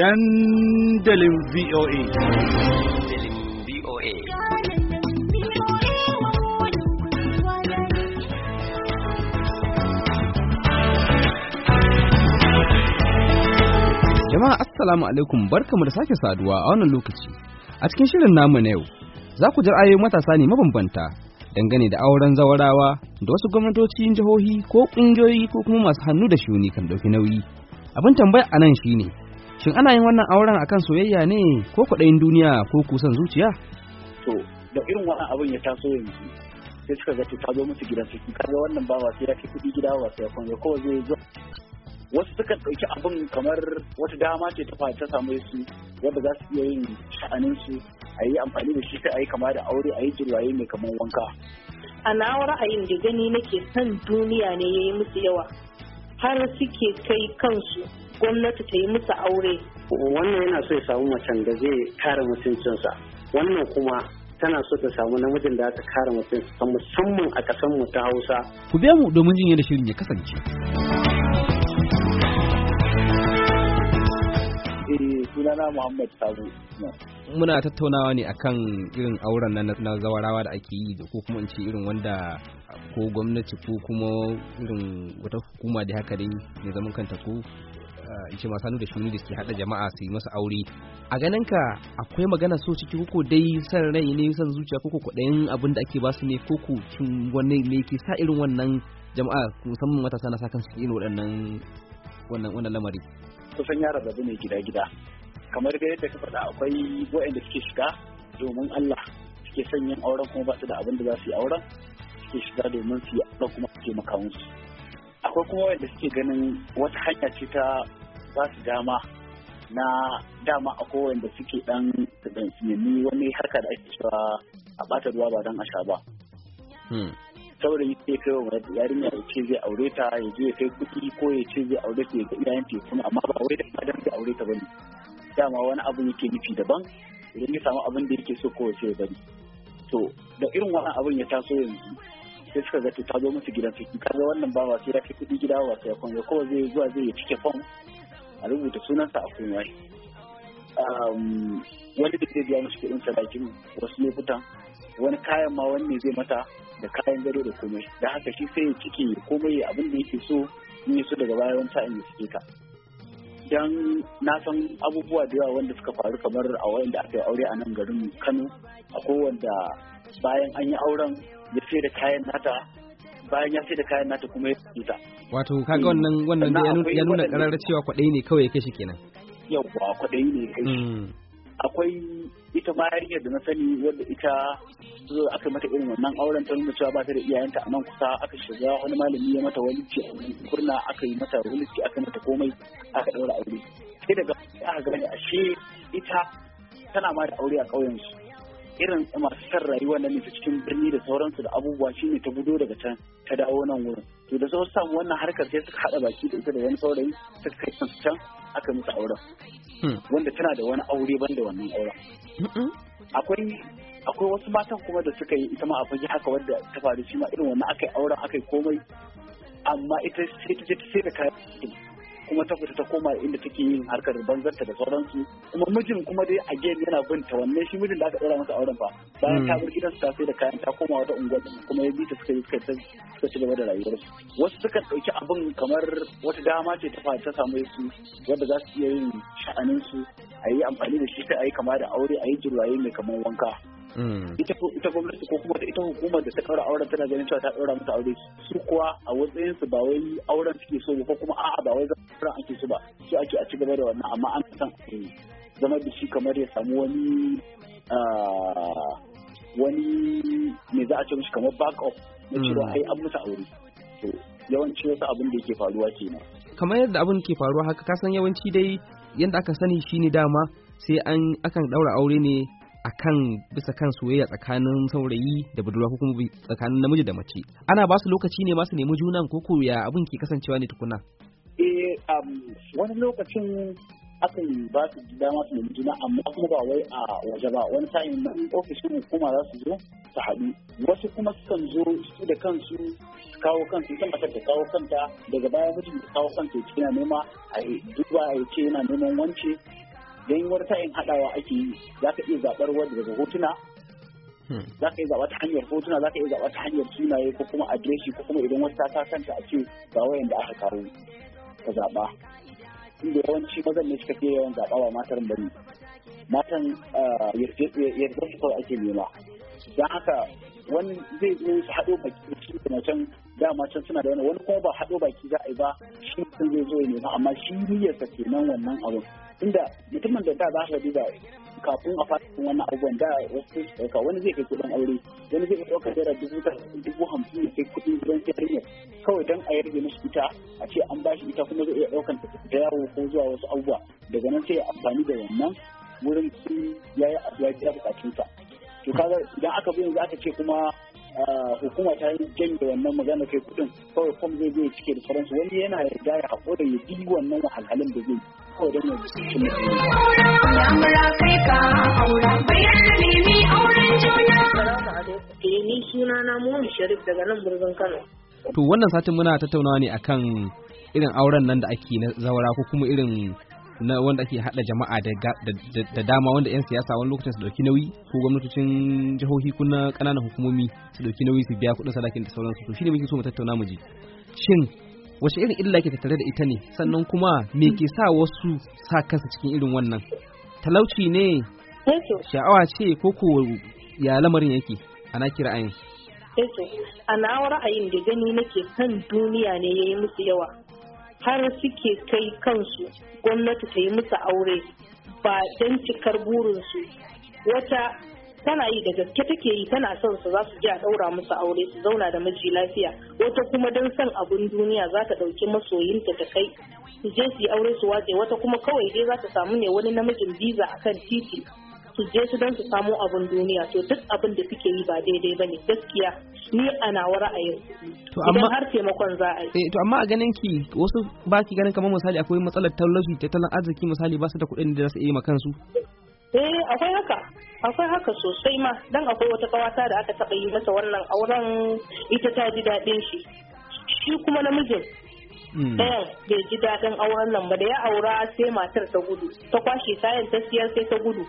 dandalin VOA. VOA. Jama'a Assalamu alaikum barkamu da sake saduwa a wannan lokaci. A cikin shirin namu na yau, za ku ji ra'ayoyin matasa ne mabambanta dangane da auren zawarawa da wasu gwamnatocin jihohi ko ƙungiyoyi ko kuma masu hannu da shuni kan ɗauki nauyi. Abin tambaya a nan shine ne, Shin ana yin wannan auren akan soyayya ne ko kwaɗayin duniya ko kusan zuciya? To, da irin wannan abin ya taso yanzu sai suka ga ta zo musu gidan ka kaga wannan ba wasu ya kai kuɗi gida wasu ya kwanye ko zai zo wasu suka ɗauki abin kamar wata dama ce ta ta samu su yadda za su iya yin sha'anin su a yi amfani da shi sai a yi kama da aure a yi jirwaye mai kamar wanka. A na ra'ayin da gani nake son duniya ne ya yi musu yawa har suke kai kansu gwamnati ta yi musu aure. Wannan yana so ya samu macen da zai kare mutuncinsa. Wannan kuma tana so ta samu namijin da aka kare mutuncinsa musamman a ƙasar mu ta Hausa. Ku biya mu domin jin yadda shirin ya kasance. Eh, sunana Muhammad Sabu. Muna tattaunawa ne akan irin auren nan na zawarawa da ake yi da ko kuma in ce irin wanda ko gwamnati ko kuma irin wata hukuma da haka dai ne zaman kanta ko ce masu da shuni da ke hada jama'a su yi masa aure a ganin ka akwai magana so ciki koko dai san rai ne san zuciya koko kudayen abin da ake basu ne koko kin wani ne ke sa irin wannan jama'a musamman matasa na sakan su irin waɗannan wannan wannan lamari kusan ya rabu ne gida-gida kamar da yadda ka faɗa akwai waɗanda suke shiga domin Allah suke son auren kuma ba su da abin da za su yi auren suke shiga domin su yi auren kuma su taimaka musu akwai kuma wanda suke ganin wata hanya ce ta ba su dama na dama akwai wanda suke dan dan su nemi wani harka da ake cewa a bata ruwa ba don a sha ba hmm. saboda yake kai wa yarinya ya ce zai aure ta ya je ya kai kuɗi ko ya ce zai aure ta ya ga iyayen ta kuma amma ba wai da fadan zai aure ta ba ne. dama wani abu yake nufi daban idan ya samu abin da yake so ko ya ce bane to da irin wani abin ya taso yanzu sai suka ga ta zo musu gidan ciki kaga wannan ba wasu ya fi kuɗi gida wasu ya kwanye kowa zai zuwa zai cike fom a rubuta sunansa a kunwa um, wani da zai biya musu kuɗin sadakin wasu lokutan wani kayan ma wani zai mata da kayan gado da komai da haka shi sai ya cike komai abin da yake so in yi su daga baya wani sa'in ya cike ka dan na san abubuwa da yawa wanda suka faru kamar a wayan da aka yi aure a nan garin kano a wanda bayan an yi auren ya sai da kayan nata bayan ya sai da kayan nata kuma ya fita wato kaga wannan eh, wannan ya nuna kararar cewa kwaɗayi ne kawai ya kai shi kenan yawwa kwaɗayi ne kai hmm. akwai ita ma da na sani wadda ita zo aka mata irin wannan auren ta nuna cewa ba ta da iyayenta a nan kusa aka shiga wani malami ya mata walici a kurna aka yi mata walici aka mata komai aka daura aure sai daga aka gane ashe ita tana ma da aure a ƙauyensu irin masu san rayuwa na ta cikin birni da sauransu da abubuwa shi ne ta gudu daga can ta dawo nan wurin to da sauransu samu wannan harkar sai suka haɗa baki da ita da wani saurayi suka kai can aka musu auren hmm. wanda tana da wani aure da wannan auren akwai akwai wasu matan kuma da suka yi ita ma a fage haka wadda ta faru shi ma irin wannan aka yi auren aka yi komai amma ita sai ta je ta sai da kayan kuma ta fita ta koma inda take yin harkar banzarta da sauransu kuma mijin kuma dai a game yana bin ta wanne shi mijin da aka ɗora masa auren fa bayan ta bar gidansu ta sai da kayan ta koma wata unguwa kuma ya bita ta suka yi suka suka ci gaba da rayuwarsu wasu suka ɗauki abin kamar wata dama ce ta ta samu su wanda za su iya yin sha'aninsu a yi amfani da shi sai a yi kama da aure a yi jirwaye mai kamar wanka hmm. ita gwamnati ko kuma ita hukumar da ta ɗaura auren tana ganin cewa ta ɗora mata aure su kuwa a watsayinsu ba wai auren suke so ba ko kuma a'a ba wai kuma ake su ba su ake a ci gaba da wannan amma an san zama da shi kamar ya samu wani wani me za a ce mishi kamar back up na cewa hmm. ai an musu aure to yawanci wasu abin da yake faruwa kenan kamar yadda abin ke faruwa haka ka san yawanci dai yadda aka sani shine dama sai an akan daura aure ne akan bisa kan soyayya tsakanin saurayi da budurwa ko kuma tsakanin namiji da mace ana ba su lokaci ne masu nemi junan ko ya abin ke kasancewa ne tukuna eh um, wani lokacin akan ba su dama su nemi juna amma kuma ba wai a waje ba wani sa'in nan ofishin hukuma za su zo su haɗu wasu kuma sukan zo su da kansu su kawo kansu ita matar ta kawo kanta daga baya mutum ta kawo kanta ce yana nema a duba a ce yana neman wance don wani sa'in haɗawa ake yi za ka iya zaɓar wadda daga hotuna hmm. za ka iya zaɓa ta hanyar hotuna za ka iya zaɓa ta hanyar sunaye ko kuma adireshi ko kuma idan wata ta kanta a ce ba wayan da aka kawo suka zaɓa inda yawanci mazan ne suka fi yawan zaɓa ba matan ba ne matan yarda su ake nema don haka wani zai yi su haɗo baki shi da can dama can suna da wani wani kuma ba haɗo baki za a yi ba shi sun zai zo ne nema amma shi niyyarsa nan wannan abin inda mutumin da da za ka duba kafin a fara wannan abubuwan da wasu ɗauka wani zai kai kuɗin aure wani zai ɗauka zai dubu talatin dubu hamsin ya kai kuɗin ta yarinyar kawai don a yarge musu ita a ce an bashi ita kuma zai iya ɗaukan da yawo ko zuwa wasu abubuwa daga nan sai ya amfani da wannan wurin ya yi ya biya bukatunsa to kaga idan aka bi yanzu aka ce kuma hukuma ta yi janye wannan magana kai kudin kawai kwam zai zai cike da sauransu wani yana yarda ya haƙura ya bi wannan wahalhalin da zai kawai don ya ci mutum. Eh, ni suna na Muhammad Sharif daga nan birnin Kano. To wannan satin muna tattaunawa ne akan irin auren nan da ake na zawara ko kuma irin na wanda ake hada jama'a da dama wanda 'yan siyasa wani lokacin su dauki nauyi ko gwamnatocin jihohi ko na kananan hukumomi su dauki nauyi su biya kudin sadakin da sauransu to shine muke so mu tattauna mu ji shin wace irin illa ke tattare da ita ne sannan kuma me ke sa wasu sa kansu cikin irin wannan talauci ne eh sha'awa ce ko ko ya lamarin yake ana kira ayin a eh ra'ayin da gani nake kan duniya ne yayi musu yawa har suke kai kansu gwamnati ta yi musu aure ba don cikar burinsu wata tana yi da gaske take yi tana son su za su je a ɗaura musu aure su zauna da miji lafiya wata kuma don son abin duniya za ta ɗauki masoyinta ta kai su je su yi aure su watse wata kuma kawai dai za ta samu ne wani namijin biza akan titi su je su don su samo abin duniya to duk abin da suke yi ba daidai ba ne gaskiya ni a nawa ra'ayin idan har taimakon za a yi. Eh, to amma a ganin ki wasu ba ki ganin kamar misali akwai matsalar talauci tattalin arziki misali ba su da kuɗin da za su iya ma kansu. eh akwai haka akwai haka sosai ma dan akwai wata kawata da aka taɓa yi masa wannan auren ita ta ji daɗin shi shi kuma namijin hmm. ɗayan bai ji daɗin auren nan ba da ya aura sai matar ta gudu ta kwashe kayan ta siyar sai ta gudu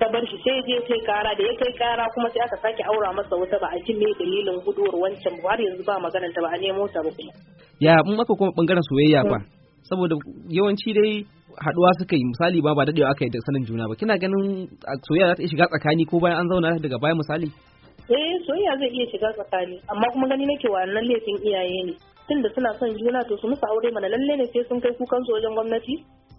ta bar shi sai je kai kara da ya kai kara kuma sai aka sake aura masa wata ba a jin me dalilin guduwar wancan ba har yanzu ba maganar ta ba a nemo ta ba kuma ya mun aka kuma bangaren soyayya ba saboda yawanci dai haduwa suka yi misali ba ba dadewa aka yi da sanin juna ba kina ganin soyayya za ta iya shiga tsakani ko bayan an zauna daga baya misali eh soyayya zai iya shiga tsakani amma kuma gani nake wannan laifin iyaye ne tunda suna son juna to su musu aure mana lalle ne sai sun kai kukan su wajen gwamnati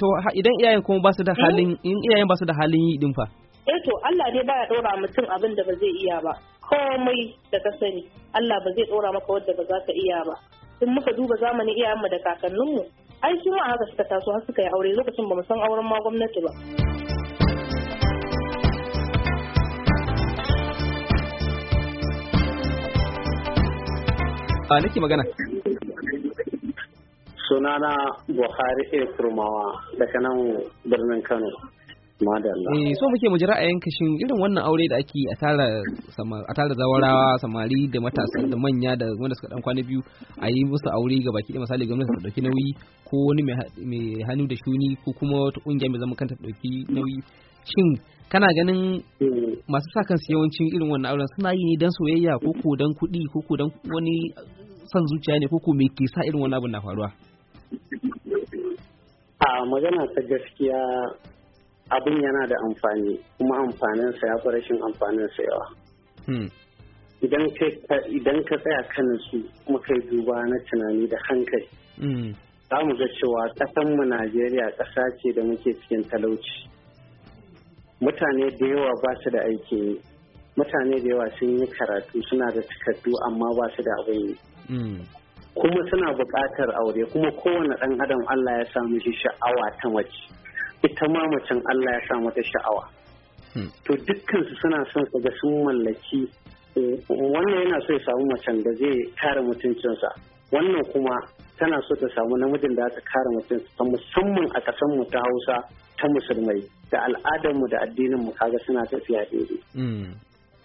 to idan iyayen kuma ba su da eh. halin in iyayen ba su da halin yi din fa eh to Allah ne baya ɗora mutum abin da ba zai iya ba komai da ka sani Allah ba zai ɗora maka wanda ba za ka iya ba in muka duba zamanin iyayenmu da kakanninmu ai shi ma haka suka taso har suka yi aure lokacin ba mu san auren ma gwamnati ba a nake magana sunana buhari a kurmawa daga nan birnin kano madalla eh so muke mu a ra'ayin irin wannan aure da ake a tara a tara zawarawa samari da matasa da manya da wanda suka dan kwana biyu a yi musu aure ga baki da misali gwamnati ta dauki nauyi ko wani mai hannu da shuni ko kuma wata kungiya mai zama kanta ta dauki nauyi shin kana ganin masu sa kansu yawancin irin wannan auren suna yi ne dan soyayya ko ko dan kuɗi ko ko dan wani son zuciya ne ko ko me ke sa irin wannan abin na faruwa a magana ta gaskiya abin yana da amfani kuma amfaninsa ya fi rashin amfaninsa yawa hmm. idan ka tsaya kan su kuma kai duba na tunani da hankali hmm. za mu ga cewa ƙasanmu najeriya ƙasa ce da muke cikin talauci mutane da yawa ba su da aiki mutane da yawa sun yi karatu suna da takardu amma ba su da abin yi hmm. kuma suna buƙatar aure kuma kowane ɗan adam Allah ya sa mishi sha'awa ta mace ita ma macen Allah ya sa mata sha'awa hmm. to dukkan su suna son su ga sun mallaki wannan yana so ya samu macen da zai kare mutuncinsa wannan kuma tana so ta samu namijin da ta kare mutuncinsa musamman a ƙasar mu ta Hausa ta musulmai da al'adarmu da addinin mu kaga suna tafiya daidai hmm.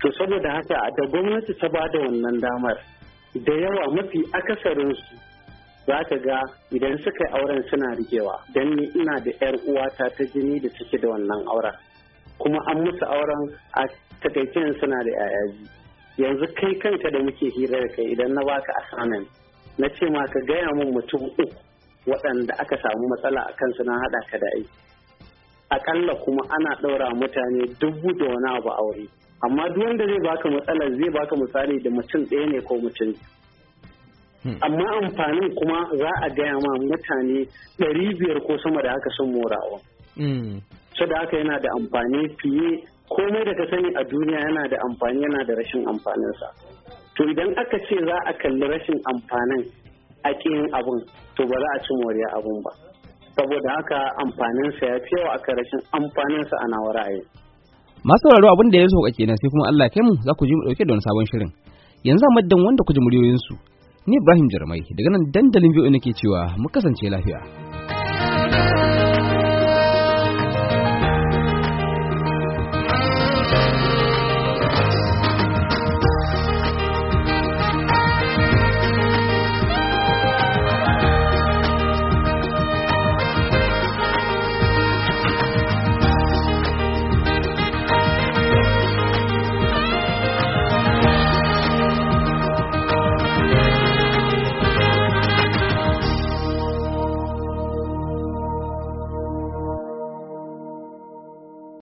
to saboda haka da gwamnati ta ba da wannan damar da yawa mafi akasarinsu za ka ga idan suka yi auren suna rikewa don ni ina da 'yar uwata ta jini da suke da wannan auren kuma an musu auren a takaicin suna da 'ya'ya yanzu kai kanka da muke hira da kai idan na baka assignment na ce ma ka gaya min mutum uku waɗanda aka samu matsala a kansu na haɗa ka da aiki akalla kuma ana ɗaura mutane dubu da wani abu aure amma duk wanda zai baka matsalar zai baka misali da mutum ɗaya ne ko mutum hmm. amma amfanin kuma za a gaya ma mutane ɗari biyar ko sama da haka sun morawa hmm. so da haka yana da amfani fiye komai da ka sani a duniya yana da amfani yana da rashin amfaninsa to idan aka ce za a kalli rashin amfanin a ƙin abin to ba za a ci moriya abin ba saboda haka amfaninsa ya fi yawa akan rashin amfaninsa a nawa ra'ayi masu sauraro abin da ya so kenan sai kuma Allah kai mu za ku ji mu dauke da wani sabon shirin yanzu a maddan wanda ku ji muryoyin su ni Ibrahim Jarmai daga nan dandalin biyo ke cewa mu kasance lafiya